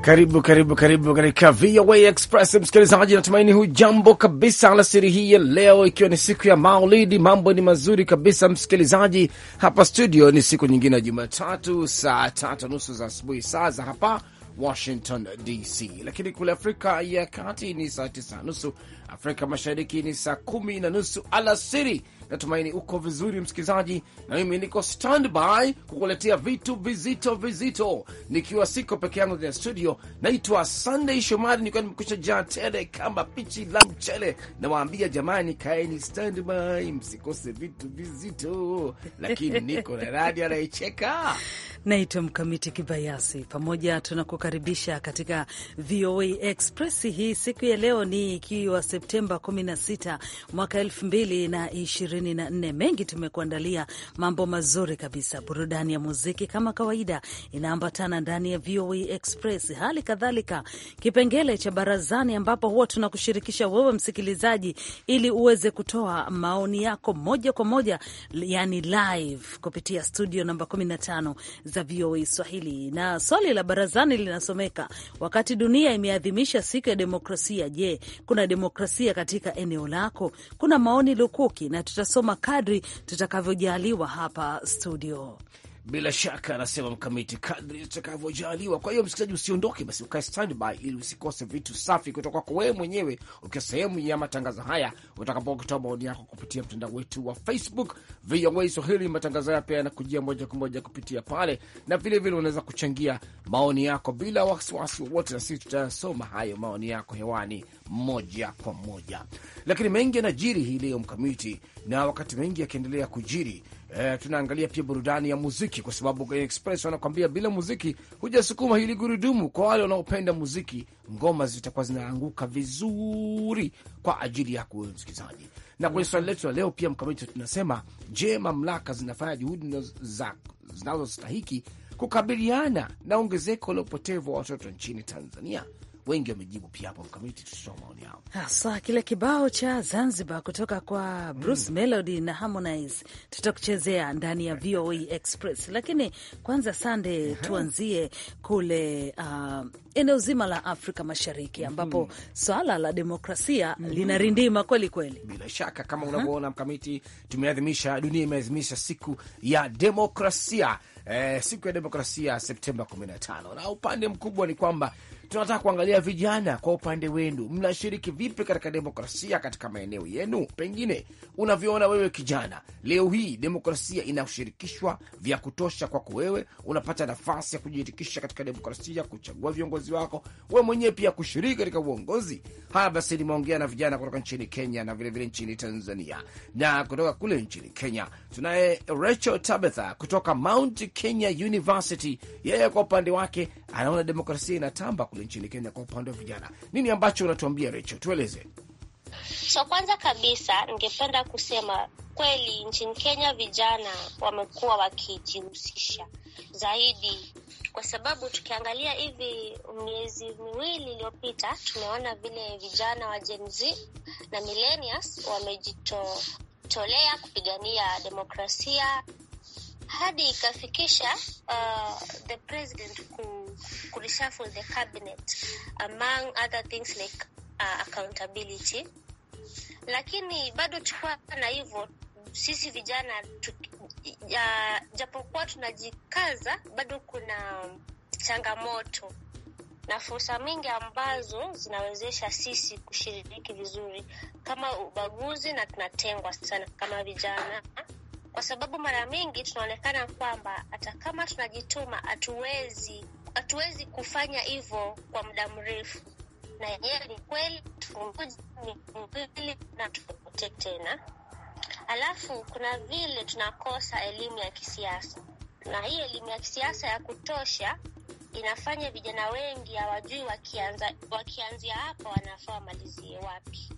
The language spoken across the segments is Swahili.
Karibu karibu karibu katika VOA Express msikilizaji, natumaini hujambo kabisa alasiri hii ya leo, ikiwa ni siku ya Maulidi. Mambo ni mazuri kabisa msikilizaji, hapa studio ni siku nyingine ya Jumatatu saa tatu nusu za asubuhi saa za hapa Washington DC, lakini kule Afrika ya Kati ni saa tisa nusu Afrika Mashariki ni saa kumi na nusu alasiri. Natumaini uko vizuri msikilizaji, na mimi niko standby kukuletea vitu vizito vizito, nikiwa siko peke yangu kwenye studio. Naitwa Sunday Shomari, nikiwa nimekusha jaa tele kama pichi la mchele. Nawaambia jamani, kaeni standby, msikose vitu vizito, lakini niko na radi anayecheka naitwa Mkamiti Kibayasi. Pamoja tunakukaribisha katika VOA Express hii siku ya leo, ni ikiwa Septemba 16 mwaka 2024. Mengi tumekuandalia, mambo mazuri kabisa, burudani ya muziki kama kawaida inaambatana ndani ya VOA e Express, hali kadhalika kipengele cha barazani, ambapo huwa tunakushirikisha wewe msikilizaji, ili uweze kutoa maoni yako moja kwa moja, yani live kupitia studio namba 15 za VOA e Swahili. Na swali la barazani linasomeka, wakati dunia imeadhimisha siku ya demokrasia, je, kuna demokrasia demokrasia katika eneo lako? Kuna maoni lukuki na tutasoma kadri tutakavyojaliwa hapa studio bila shaka, anasema Mkamiti, kadri itakavyojaliwa. Kwa hiyo msikilizaji, usiondoke, basi ukae standby ili usikose vitu safi kutoka kwako wewe mwenyewe, ukiwa sehemu ya matangazo haya utakapo kutoa maoni yako kupitia mtandao wetu wa Facebook VOA Swahili. Matangazo haya pia yanakujia moja kwa moja kupitia pale, na vilevile unaweza kuchangia maoni yako bila wasiwasi wowote, na sisi tutayasoma hayo maoni yako hewani moja kwa moja. Lakini mengi yanajiri hii leo Mkamiti, na wakati mengi yakiendelea kujiri eh, tunaangalia pia burudani ya muziki, kwa sababu kwenye Express wanakwambia bila muziki hujasukuma hili gurudumu. Kwa wale wanaopenda muziki, ngoma zitakuwa zinaanguka vizuri kwa ajili yako wewe msikilizaji. Na kwenye swali letu la leo pia mkamiti, tunasema je, mamlaka zinafanya juhudi zinazostahiki kukabiliana na ongezeko la upotevu wa watoto nchini Tanzania? wengi wamejibu pia hapo mkamiti, tusitoa maoni yao hasa kile kibao cha Zanzibar kutoka kwa Bruce mm. Melody na Harmonize tutakuchezea ndani ya VOA e Express, lakini kwanza Sande tuanzie kule uh, eneo zima la Afrika Mashariki ambapo mm. swala la demokrasia mm. Mm-hmm. linarindima kweli kweli. Bila shaka kama unavyoona Mkamiti, tumeadhimisha dunia imeadhimisha siku ya demokrasia eh, siku ya demokrasia Septemba 15 na upande mkubwa ni kwamba tunataka kuangalia vijana kwa upande wenu, mnashiriki vipi katika demokrasia katika maeneo yenu? Pengine unavyoona wewe kijana leo hii demokrasia inashirikishwa vya kutosha kwako wewe, unapata nafasi ya kujirikisha katika demokrasia, kuchagua viongozi wako wewe mwenyewe, pia kushiriki katika uongozi. Haya basi, nimeongea na vijana kutoka nchini Kenya na vilevile vile nchini Tanzania, na kutoka kule nchini Kenya tunaye Rachel Tabitha kutoka Mount Kenya University. Yeye kwa upande wake anaona demokrasia inatamba kule moja nchini Kenya kwa upande wa vijana. Nini ambacho unatuambia Recho? Tueleze. So kwanza kabisa ningependa kusema kweli, nchini Kenya vijana wamekuwa wakijihusisha zaidi, kwa sababu tukiangalia hivi miezi miwili iliyopita, tumeona vile vijana wa Gen Z na millennials wamejitolea kupigania demokrasia hadi ikafikisha uh, the president kuu kureshuffle the cabinet among other things like uh, accountability. Lakini bado tukuwa na hivyo sisi vijana tu, ya, japokuwa tunajikaza bado kuna changamoto na fursa mingi ambazo zinawezesha sisi kushiriki vizuri, kama ubaguzi, na tunatengwa sana kama vijana, kwa sababu mara mingi tunaonekana kwamba hata kama tunajituma hatuwezi hatuwezi kufanya hivyo kwa muda mrefu, na yenyewe ni kweli tumbili na tupote tena. Alafu kuna vile tunakosa elimu ya kisiasa, na hii elimu ya kisiasa ya kutosha inafanya vijana wengi hawajui wakianza, wakianzia hapa wanafaa wamalizie wapi.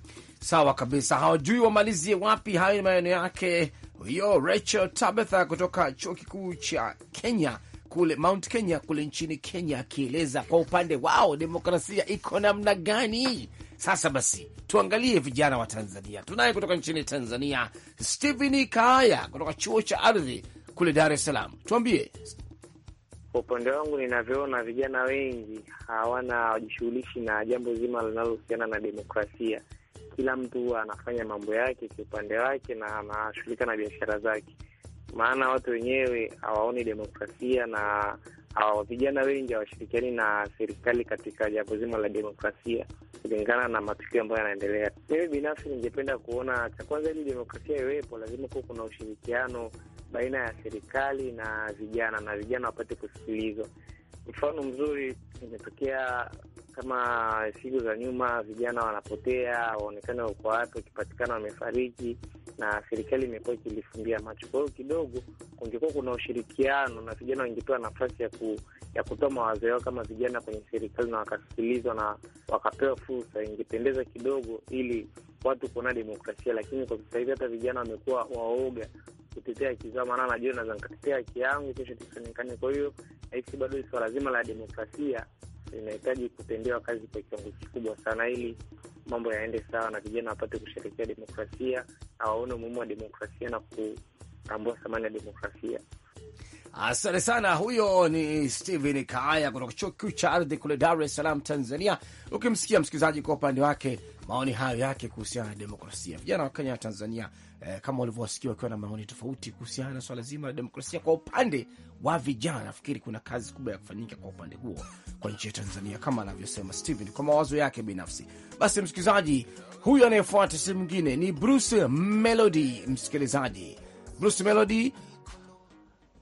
Sawa kabisa, hawajui wamalizie wapi. Hayo ni maneno yake huyo Rachel Tabitha kutoka chuo kikuu cha Kenya kule Mount Kenya kule nchini Kenya, akieleza kwa upande wao demokrasia iko namna gani. Sasa basi tuangalie vijana wa Tanzania. Tunaye kutoka nchini Tanzania Stephen Kaaya kutoka chuo cha ardhi kule Dar es Salaam. Tuambie. Kwa upande wangu ninavyoona, vijana wengi hawana, wajishughulishi na jambo zima linalohusiana na demokrasia. Kila mtu anafanya mambo yake kiupande wake na anashughulika na biashara zake maana watu wenyewe hawaoni demokrasia na hawa vijana wengi hawashirikiani na serikali katika jambo zima la demokrasia, kulingana na matukio ambayo yanaendelea. Mimi binafsi ningependa kuona cha kwanza, ili demokrasia iwepo, lazima kuwa kuna ushirikiano baina ya serikali na vijana, na vijana wapate kusikilizwa. Mfano mzuri imetokea kama siku za nyuma, vijana wanapotea, waonekane wako wapi, wakipatikana wamefariki, na serikali imekuwa ikilifumbia macho. Kwa hiyo kidogo kungekuwa kuna ushirikiano na vijana wangepewa nafasi ya, ku, ya kutoa mawazo yao kama vijana kwenye serikali na wakasikilizwa na wakapewa fursa, ingependeza kidogo ili watu kuona demokrasia. Lakini kwa sasa hivi hata vijana wamekuwa waoga kutetea haki zao, maana najua naweza nikatetea haki yangu, kesho tusionekane. Kwa hiyo nahisi bado swala zima la demokrasia inahitaji kutendewa kazi kwa kiwango kikubwa sana, ili mambo yaende sawa na vijana wapate kusherekea demokrasia na waone umuhimu wa demokrasia na kutambua thamani ya demokrasia. Asante sana. Huyo ni Steven Kaaya kutoka chuo kikuu cha ardhi kule Dar es Salaam, Tanzania. Ukimsikia msikilizaji, kwa upande wake maoni hayo yake kuhusiana na demokrasia. Vijana wa Kenya na Tanzania eh, kama walivyowasikia wakiwa na maoni tofauti kuhusiana na swala zima la demokrasia. Kwa upande wa vijana, nafikiri kuna kazi kubwa ya kufanyika kwa upande huo kwa nchi ya Tanzania, kama anavyosema Steven kwa mawazo yake binafsi. Basi msikilizaji, huyo anayefuata si mwingine ni Bruce Melody. Msikilizaji, Bruce Melody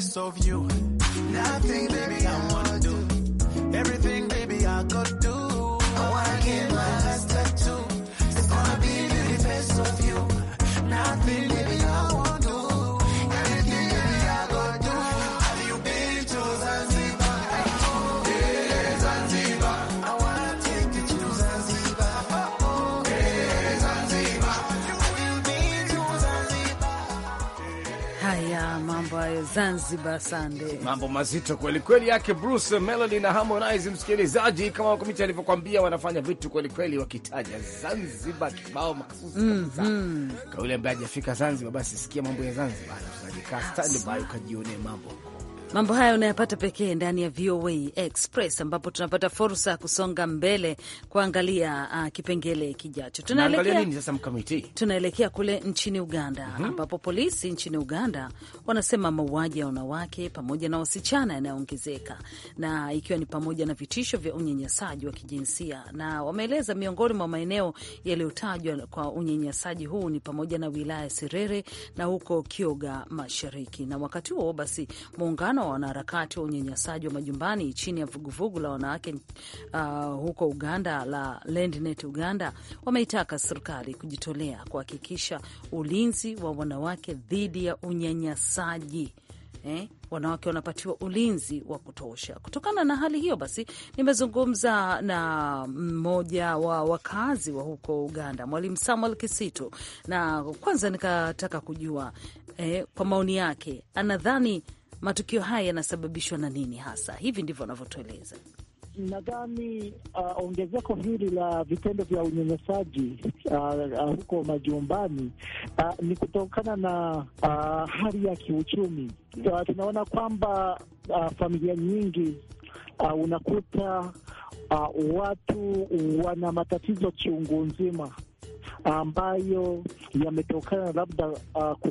less of you. Nothing, baby, I wanna do. Everything, baby, I could do. hayo Zanzibar Sande, mambo mazito kweli kweli yake Bruce Melody na Harmonize. Msikilizaji, kama wakomiti alivyokwambia, wanafanya vitu kweli kweli, wakitaja Zanzibar kibao makhsusi kabisa. Mhm. Kwa yule ambaye hajafika Zanzibar, basi sikia mambo ya Zanzibar, ukajionee mambo Mambo hayo unayapata pekee ndani ya VOA Express, ambapo tunapata fursa ya kusonga mbele kuangalia uh, kipengele kijacho. Tunaelekea nini sasa, Mkamiti? Tunaelekea kule nchini Uganda mm -hmm. ambapo polisi nchini Uganda wanasema mauaji ya wanawake pamoja na wasichana yanayoongezeka na ikiwa ni pamoja na vitisho vya unyanyasaji wa kijinsia, na wameeleza miongoni mwa maeneo yaliyotajwa kwa unyanyasaji huu ni pamoja na wilaya Serere na huko kioga Mashariki, na wakati huo basi muungano muungano wa wanaharakati wa unyanyasaji wa majumbani chini ya vuguvugu la wanawake uh, huko Uganda la LandNet Uganda wameitaka serikali kujitolea kuhakikisha ulinzi wa wanawake dhidi ya unyanyasaji. Eh, wanawake wanapatiwa ulinzi wa kutosha. Kutokana na hali hiyo basi, nimezungumza na mmoja wa wakazi wa huko Uganda, Mwalimu Samuel Kisitu, na kwanza nikataka kujua eh, kwa maoni yake anadhani matukio haya yanasababishwa na nini hasa? Hivi ndivyo wanavyotueleza. Nadhani uh, ongezeko hili la vitendo vya unyanyasaji uh, uh, huko majumbani uh, ni kutokana na uh, hali ya kiuchumi. Uh, tunaona kwamba uh, familia nyingi uh, unakuta uh, watu wana matatizo chungu nzima ambayo yametokana labda uh,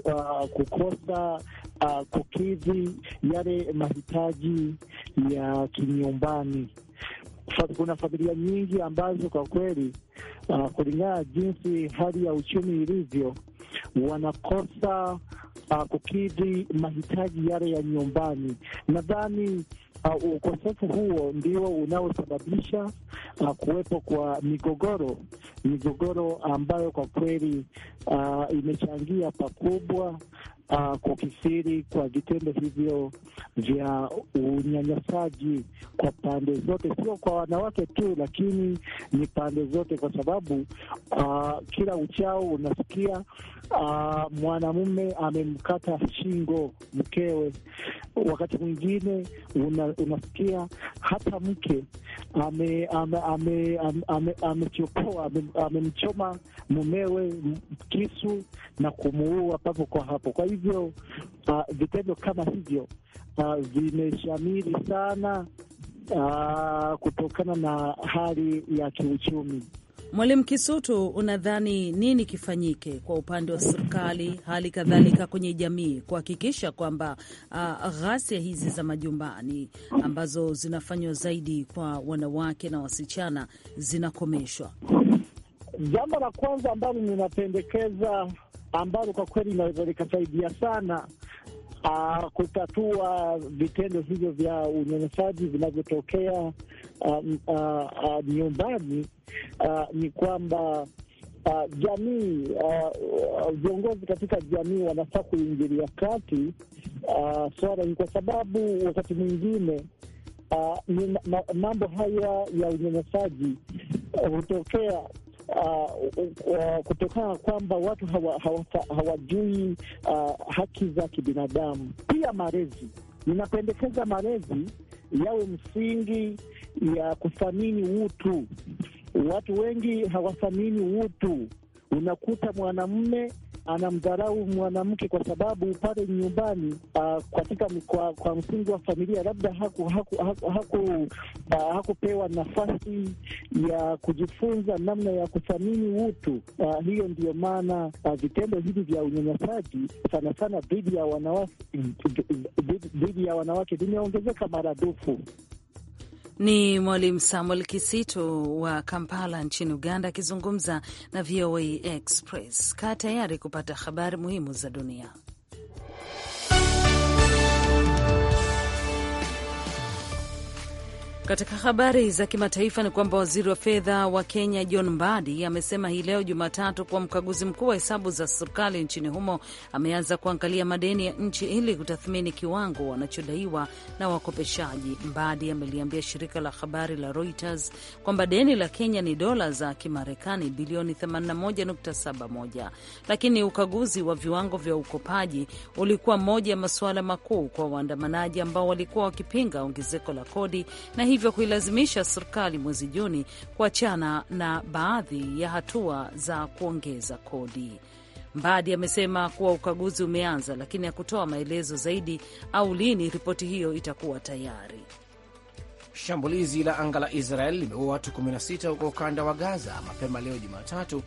uh, kukosa uh, kukidhi yale mahitaji ya kinyumbani. Kuna familia nyingi ambazo kwa kweli uh, kulingana jinsi hali ya uchumi ilivyo, wanakosa uh, kukidhi mahitaji yale ya nyumbani. Nadhani uh, ukosefu huo ndio unaosababisha uh, kuwepo kwa migogoro, migogoro ambayo kwa kweli uh, imechangia pakubwa uh, kukisiri kwa vitendo hivyo vya unyanyasaji kwa pande zote, sio kwa wanawake tu, lakini ni pande zote, kwa sababu uh, kila uchao unasikia uh, mwanamume amemkata shingo mkewe wakati mwingine unasikia hata mke amechokoa amemchoma mumewe kisu na kumuua papo kwa hapo. Kwa hivyo uh, vitendo kama hivyo uh, vimeshamiri sana uh, kutokana na hali ya kiuchumi. Mwalimu Kisutu, unadhani nini kifanyike kwa upande wa serikali, hali kadhalika kwenye jamii kuhakikisha kwamba uh, ghasia hizi za majumbani ambazo zinafanywa zaidi kwa wanawake na wasichana zinakomeshwa? Jambo la kwanza ambalo ninapendekeza ambalo kwa kweli likasaidia sana uh, kutatua vitendo hivyo vya unyanyasaji vinavyotokea Um, uh, uh, nyumbani uh, ni kwamba Uh, jamii viongozi uh, uh, katika jamii wanafaa kuingilia kati uh, swala hili kwa sababu wakati mwingine uh, mambo haya ya unyanyasaji hutokea uh, uh, kutokana kwamba watu hawa, hawa, hawajui uh, haki za kibinadamu. Pia malezi, ninapendekeza malezi yawe msingi ya kuthamini utu. Watu wengi hawathamini utu. Unakuta mwanamume anamdharau mwanamke kwa sababu pale nyumbani, uh, katika kwa, kwa msingi wa familia labda hakupewa haku, haku, haku, ah, nafasi ya kujifunza namna ya kuthamini utu. Uh, hiyo ndiyo maana uh, vitendo hivi vya unyanyasaji sana sana dhidi ya wanawake dhidi ya wanawake vimeongezeka maradufu. Ni Mwalimu Samuel Kisitu wa Kampala nchini Uganda akizungumza na VOA Express. Kaa tayari kupata habari muhimu za dunia. Katika habari za kimataifa ni kwamba waziri wa fedha wa Kenya John Mbadi amesema hii leo Jumatatu kuwa mkaguzi mkuu wa hesabu za serikali nchini humo ameanza kuangalia madeni ya nchi ili kutathmini kiwango wanachodaiwa na wakopeshaji. Mbadi ameliambia shirika la habari la Reuters kwamba deni la Kenya ni dola za Kimarekani bilioni 81.71, lakini ukaguzi wa viwango vya ukopaji ulikuwa moja ya masuala makuu kwa waandamanaji ambao walikuwa wakipinga ongezeko la kodi na hivyo kuilazimisha serikali mwezi Juni kuachana na baadhi ya hatua za kuongeza kodi. Mbadi amesema kuwa ukaguzi umeanza, lakini hakutoa maelezo zaidi au lini ripoti hiyo itakuwa tayari. Shambulizi la anga la Israel limeua watu 16 huko ukanda wa Gaza mapema leo Jumatatu,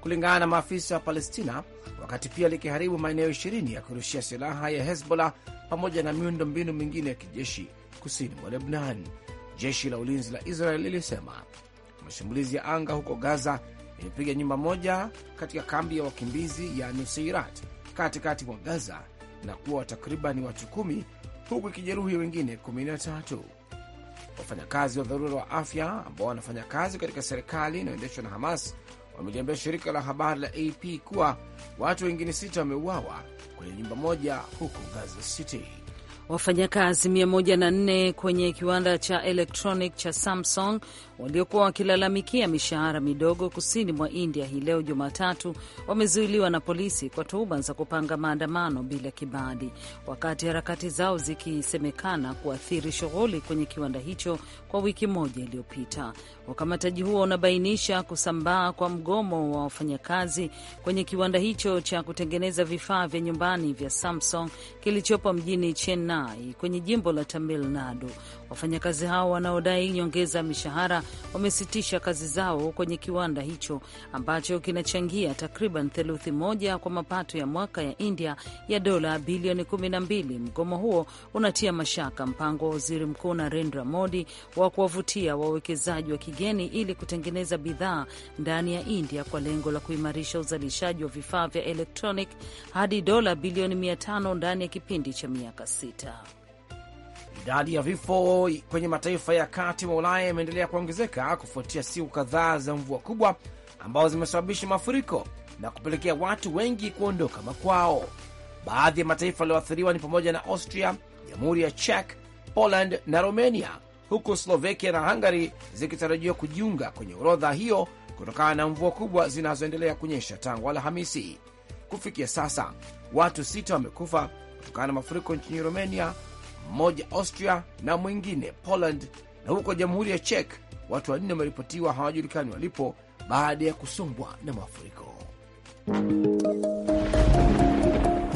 kulingana na maafisa wa Palestina, wakati pia likiharibu maeneo 20 ya kurushia silaha ya Hezbollah pamoja na miundo mbinu mingine ya kijeshi kusini mwa Lebnan. Jeshi la ulinzi la Israel lilisema mashambulizi ya anga huko Gaza imepiga nyumba moja katika kambi ya wakimbizi ya Nusirat katikati mwa Gaza na kuwa takriban watu kumi huku ikijeruhi wengine 13. Wafanyakazi wa dharura wa afya ambao wanafanya kazi katika serikali inayoendeshwa na Hamas wameliambia shirika la habari la AP kuwa watu wengine sita wameuawa kwenye nyumba moja huko Gaza City. Wafanyakazi 104 kwenye kiwanda cha electronic cha Samsung waliokuwa wakilalamikia mishahara midogo kusini mwa India hii leo Jumatatu wamezuiliwa na polisi kwa tuhuma za kupanga maandamano bila kibali, wakati harakati zao zikisemekana kuathiri shughuli kwenye kiwanda hicho kwa wiki moja iliyopita. Ukamataji huo unabainisha kusambaa kwa mgomo wa wafanyakazi kwenye kiwanda hicho cha kutengeneza vifaa vya nyumbani vya Samsung kilichopo mjini Chennai Chennai kwenye jimbo la Tamil Nadu Wafanyakazi hao wanaodai nyongeza mishahara wamesitisha kazi zao kwenye kiwanda hicho ambacho kinachangia takriban theluthi moja kwa mapato ya mwaka ya India ya dola bilioni 1b Mgomo huo unatia mashaka mpango wa waziri mkuu Narendra Modi wa kuwavutia wawekezaji wa kigeni ili kutengeneza bidhaa ndani ya India kwa lengo la kuimarisha uzalishaji wa vifaa vya elektronic hadi dola bilioni 5 ndani ya kipindi cha miaka sita. Idadi ya vifo kwenye mataifa ya kati mwa Ulaya imeendelea kuongezeka kufuatia siku kadhaa za mvua kubwa ambazo zimesababisha mafuriko na kupelekea watu wengi kuondoka makwao. Baadhi ya mataifa yaliyoathiriwa ni pamoja na Austria, Jamhuri ya Czech, Poland na Romania, huku Slovakia na Hungary zikitarajiwa kujiunga kwenye orodha hiyo kutokana na mvua kubwa zinazoendelea kunyesha tangu Alhamisi. Kufikia sasa watu sita wamekufa kutokana na mafuriko nchini Romania mmoja Austria na mwingine Poland, na huko Jamhuri ya Czech watu wanne wameripotiwa hawajulikani walipo baada ya kusombwa na mafuriko.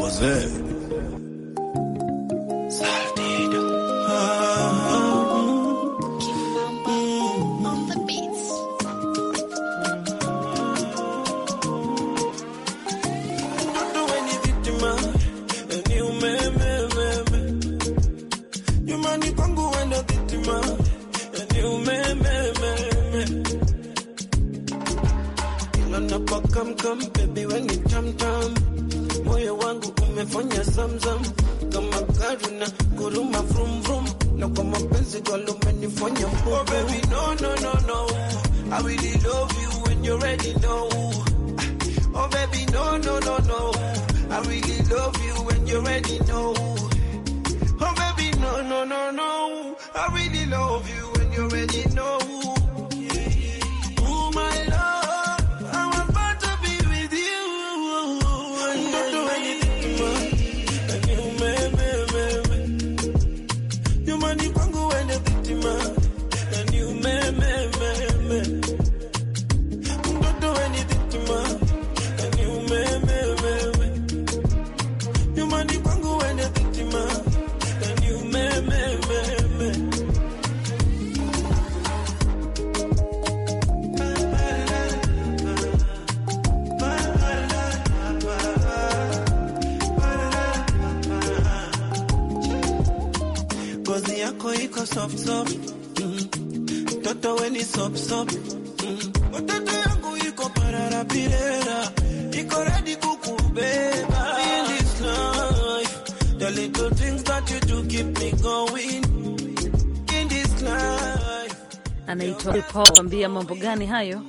Wazee gani hayo?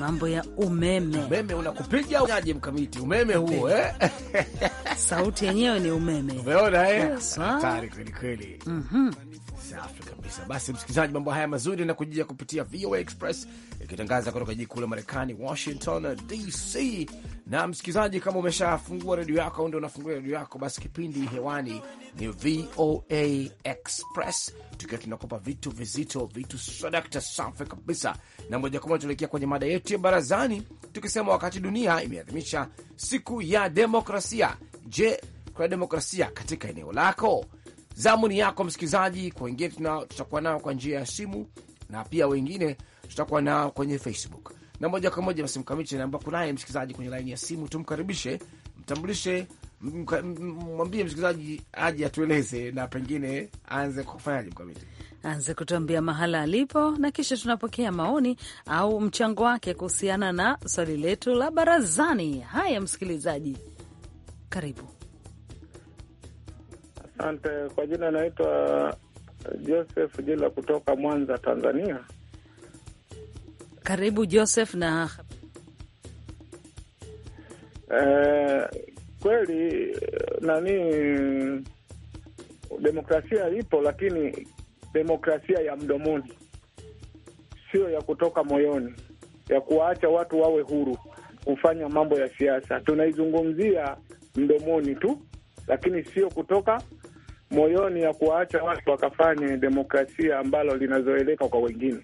Mambo ya umeme. Umeme unakupiga unaje mkamiti? Umeme huo eh? sauti yenyewe ni umeme. Umeona eh? Hatari kweli kweli. Mhm. Safi kabisa. Basi msikilizaji, mambo haya mazuri na kujia kupitia VOA Express ikitangaza kutoka jiji kuu la Marekani Washington DC. Na msikilizaji, kama umeshafungua redio yako au ndio unafungua redio yako, basi kipindi hewani ni VOA Express tukiwa tunakopa vitu vizito, vitu sodakta. safi kabisa, na moja kwa moja tuelekea kwenye mada yetu ya barazani, tukisema wakati dunia imeadhimisha siku ya demokrasia Je, kuna demokrasia katika eneo lako? Zamu ni yako msikilizaji. Kwa wengine tutakuwa nao kwa njia ya simu na pia wengine tutakuwa nao kwenye Facebook na moja kwa moja. Basi Mkamiti naamba kunaye msikilizaji kwenye laini ya simu, tumkaribishe, mtambulishe, mwambie msikilizaji aje atueleze na pengine aanze kufanyaje. Mkamiti aanze kutuambia mahala alipo na kisha tunapokea maoni au mchango wake kuhusiana na swali letu la barazani. Haya, msikilizaji karibu. Asante kwa jina, naitwa eh, Joseph Jila kutoka Mwanza, Tanzania. Karibu Joseph na eh, kweli eh, nani, demokrasia ipo, lakini demokrasia ya mdomoni, sio ya kutoka moyoni, ya kuwaacha watu wawe huru kufanya mambo ya siasa. Tunaizungumzia mdomoni tu, lakini sio kutoka moyoni ya kuwaacha watu wakafanye demokrasia ambalo linazoeleka kwa wengine.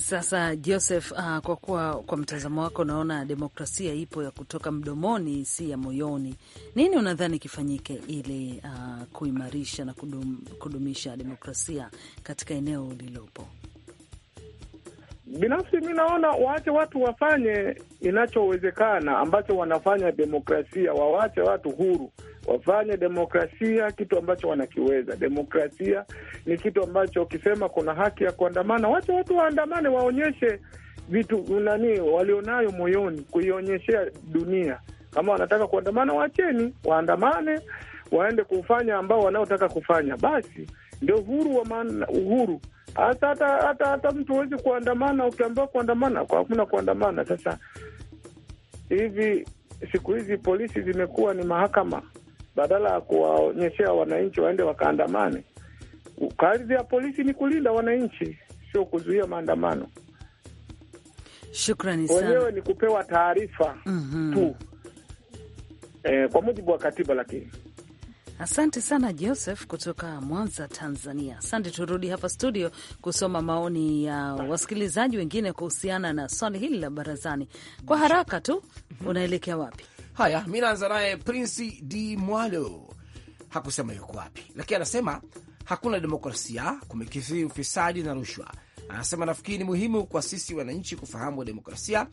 Sasa Joseph, uh, kwa kuwa kwa mtazamo wako unaona demokrasia ipo ya kutoka mdomoni, si ya moyoni, nini unadhani kifanyike ili uh, kuimarisha na kudum, kudumisha demokrasia katika eneo lilopo Binafsi mi naona waache watu wafanye inachowezekana ambacho wanafanya demokrasia, wawache watu huru wafanye demokrasia, kitu ambacho wanakiweza. Demokrasia ni kitu ambacho ukisema kuna haki ya kuandamana, wache watu waandamane, waonyeshe vitu nani walionayo moyoni, kuionyeshea dunia. Kama wanataka kuandamana, wacheni waandamane, waende kufanya ambao wanaotaka kufanya, basi ndio uhuru wa maana, uhuru hata hata hata hata mtu huwezi kuandamana, ukiambiwa kuandamana kwa hakuna kuandamana. Sasa hivi siku hizi polisi zimekuwa ni mahakama, badala ya kuwaonyeshea wananchi waende wakaandamane. Kazi ya polisi ni kulinda wananchi, sio kuzuia maandamano. Shukrani sana. Wenyewe ni kupewa taarifa mm -hmm. tu e, kwa mujibu wa katiba lakini Asante sana Joseph kutoka Mwanza, Tanzania. Asante, turudi hapa studio kusoma maoni ya uh, wasikilizaji wengine kuhusiana na swali hili la barazani. Kwa haraka tu, unaelekea wapi? Haya, mi naanza naye Prinsi D Mwalo. Hakusema yuko wapi, lakini anasema hakuna demokrasia, kumekithiri ufisadi na rushwa. Anasema nafikiri ni muhimu kwa sisi wananchi kufahamu demokrasia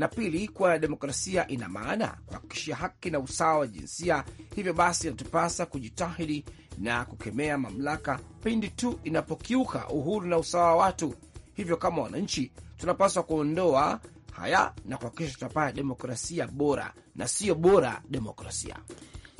na pili, kuwa na demokrasia ina maana kuhakikishia haki na usawa wa jinsia. Hivyo basi, inatupasa kujitahidi na kukemea mamlaka pindi tu inapokiuka uhuru na usawa wa watu. Hivyo kama wananchi, tunapaswa kuondoa haya na kuhakikisha tunapata demokrasia bora na siyo bora demokrasia.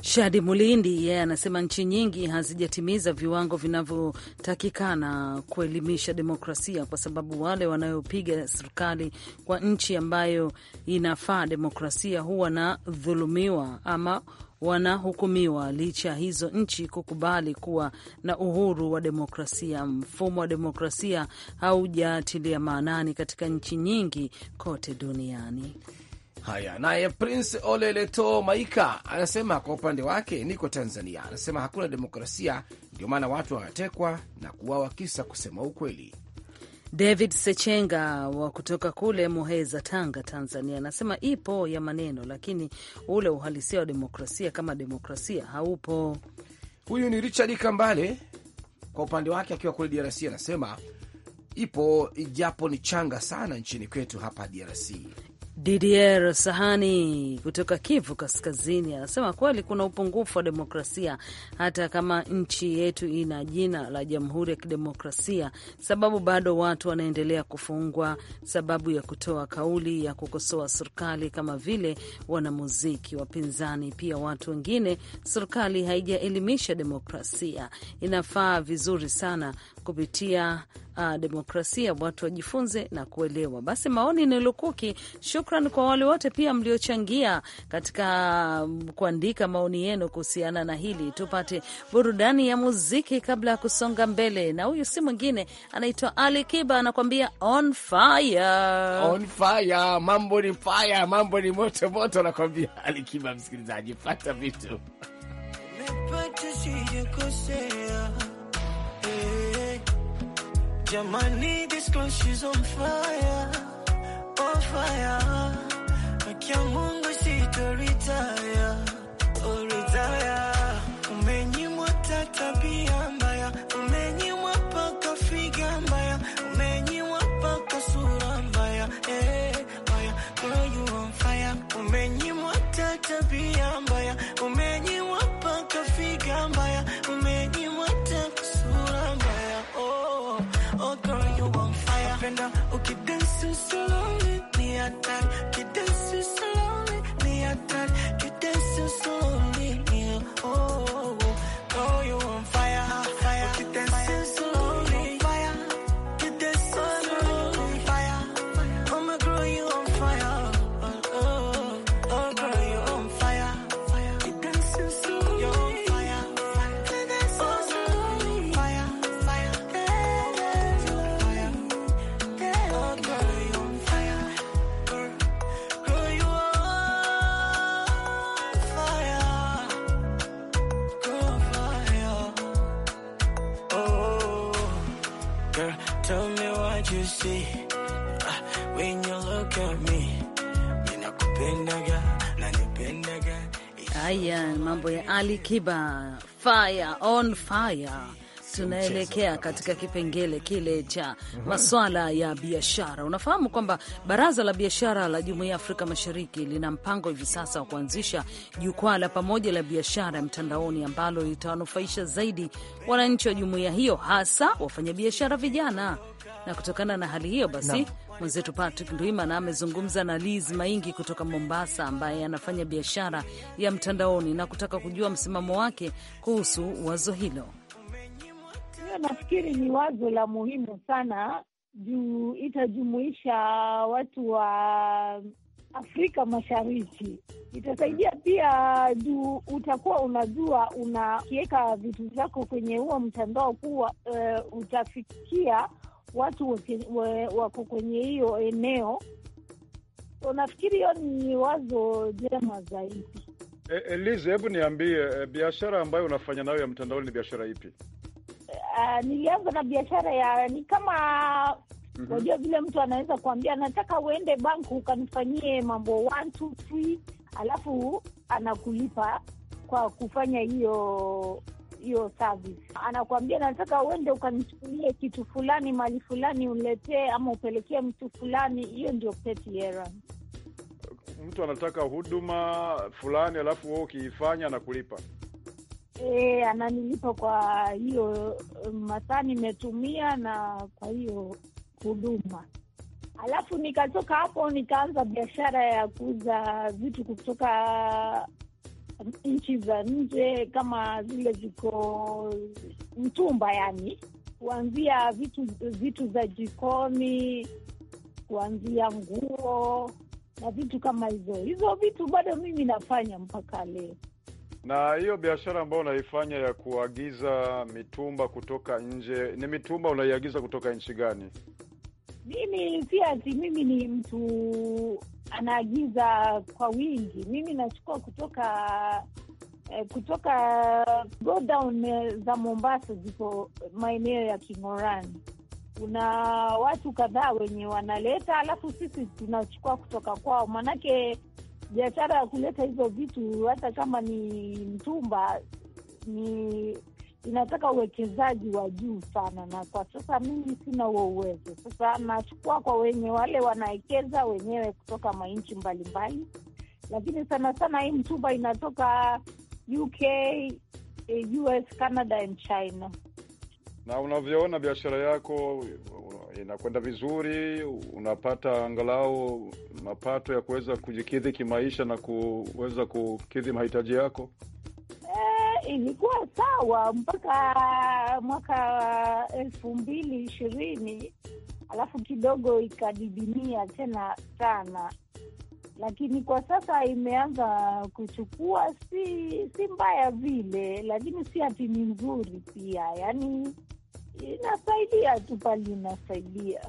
Shadi Mulindi yeye yeah, anasema nchi nyingi hazijatimiza viwango vinavyotakikana kuelimisha demokrasia, kwa sababu wale wanayopiga serikali kwa nchi ambayo inafaa demokrasia huwa wanadhulumiwa ama wanahukumiwa licha ya hizo nchi kukubali kuwa na uhuru wa demokrasia. Mfumo wa demokrasia haujatilia maanani katika nchi nyingi kote duniani. Haya, naye Prince oleleto Maika anasema kwa upande wake, niko Tanzania, anasema hakuna demokrasia, ndio maana watu wanatekwa na kuwawa kisa kusema ukweli. David Sechenga wa kutoka kule Muheza, Tanga, Tanzania, anasema ipo ya maneno, lakini ule uhalisia wa demokrasia kama demokrasia haupo. Huyu ni Richard Kambale kwa upande wake akiwa kule DRC anasema ipo ijapo ni changa sana nchini kwetu hapa DRC. Didier Sahani kutoka Kivu Kaskazini anasema kweli kuna upungufu wa demokrasia, hata kama nchi yetu ina jina la Jamhuri ya Kidemokrasia, sababu bado watu wanaendelea kufungwa sababu ya kutoa kauli ya kukosoa serikali, kama vile wanamuziki, wapinzani, pia watu wengine. Serikali haijaelimisha demokrasia, inafaa vizuri sana kupitia uh, demokrasia, watu wajifunze na kuelewa. Basi maoni nilukuki shuk shukran kwa wale wote pia mliochangia katika kuandika maoni yenu kuhusiana na hili. Tupate burudani ya muziki kabla ya kusonga mbele, na huyu si mwingine anaitwa Ali Kiba, anakuambia on fire. On fire, mambo ni fire, mambo ni moto moto, anakuambia Ali Kiba. Msikilizaji, pata vitu eh, Jamani, this girl she's on fire on fire, Girl, tell me what you see uh, when you look at me. Haya, mambo ya Ali Kiba, fire on fire tunaelekea katika kipengele kile cha maswala ya biashara. Unafahamu kwamba baraza la biashara la Jumuiya ya Afrika Mashariki lina mpango hivi sasa wa kuanzisha jukwaa la pamoja la biashara ya mtandaoni ambalo litawanufaisha zaidi wananchi wa jumuiya hiyo, hasa wafanyabiashara vijana. Na kutokana na hali hiyo basi no. Mwenzetu Patrick Ndwimana amezungumza na Liz Maingi kutoka Mombasa, ambaye anafanya biashara ya mtandaoni na kutaka kujua msimamo wake kuhusu wazo hilo hiyo nafikiri ni wazo la muhimu sana juu itajumuisha watu wa Afrika Mashariki. Itasaidia pia juu utakuwa unajua unakiweka vitu vyako kwenye huo mtandao kuwa uh, utafikia watu wako kwenye hiyo eneo. So nafikiri hiyo ni wazo jema zaidi. E, Elize, hebu niambie eh, biashara ambayo unafanya nayo ya mtandaoni ni biashara ipi? uh, nilianza na biashara ya ni kama mm -hmm. Wajua vile mtu anaweza kuambia nataka uende bank ukanifanyie mambo one two three, alafu anakulipa kwa kufanya hiyo hiyo service. Anakuambia nataka uende ukanichukulie kitu fulani mali fulani uletee ama upelekee mtu fulani. Hiyo ndio petty errand. Mtu anataka huduma fulani, alafu wewe ukiifanya anakulipa eh, ananilipa kwa hiyo eh, masaa nimetumia na kwa hiyo huduma. Alafu nikatoka hapo nikaanza biashara ya kuuza vitu kutoka eh, nchi za nje, kama zile ziko mtumba, yani kuanzia vitu vitu za jikoni, kuanzia nguo na vitu kama hizo. Hizo vitu bado mimi nafanya mpaka leo. Na hiyo biashara ambayo unaifanya ya kuagiza mitumba kutoka nje, ni mitumba unaiagiza kutoka nchi gani? Mimi pia mimi ni mtu anaagiza kwa wingi. Mimi nachukua kutoka eh, kutoka godown eh, za Mombasa, ziko maeneo ya King'orani. Kuna watu kadhaa wenye wanaleta, alafu sisi tunachukua kutoka kwao, maanake biashara ya kuleta hizo vitu, hata kama ni mtumba, ni inataka uwekezaji wa juu sana, na kwa sasa mimi sina huo uwezo. Sasa nachukua kwa wenye wale wanawekeza wenyewe kutoka manchi mbalimbali, lakini sana sana hii mtumba inatoka UK, US, Canada and China. Na unavyoona biashara yako inakwenda vizuri, unapata angalau mapato ya kuweza kujikidhi kimaisha na kuweza kukidhi mahitaji yako. E, ilikuwa sawa mpaka mwaka elfu mbili ishirini alafu kidogo ikadidimia tena sana, lakini kwa sasa imeanza kuchukua, si si mbaya vile, lakini si ati ni nzuri pia, yani inasaidia tu pale, inasaidia.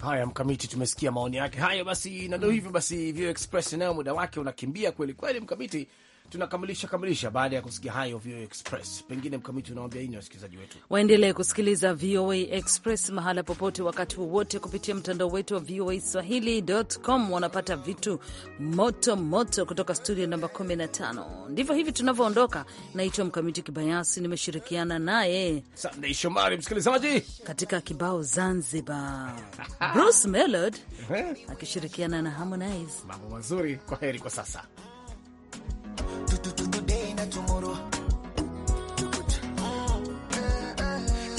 Haya, Mkamiti, tumesikia maoni yake hayo. Basi na ndio hivyo basi, Vio Express nayo muda wake unakimbia kweli kweli, Mkamiti tunakamilisha kamilisha baada ya kusikia hayo VOA Express. Pengine mkamiti unawambia nini wasikilizaji wetu? Waendelee kusikiliza VOA Express mahala popote, wakati wowote, kupitia mtandao wetu wa VOA Swahili.com. Wanapata vitu moto moto kutoka studio namba 15. Ndivyo hivi tunavyoondoka. Naitwa Mkamiti Kibayasi, nimeshirikiana naye Sandei Shomari. Msikilizaji, katika kibao Zanzibar, Bruce Melod akishirikiana na Harmonize. Mambo mazuri, kwa heri kwa sasa. Today, tomorrow. Mm, eh,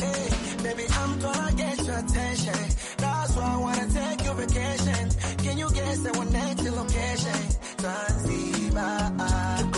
eh. Baby, I'm to get your attention. That's why I wanna take vacation. Can you guess the one next location? Zanzibar.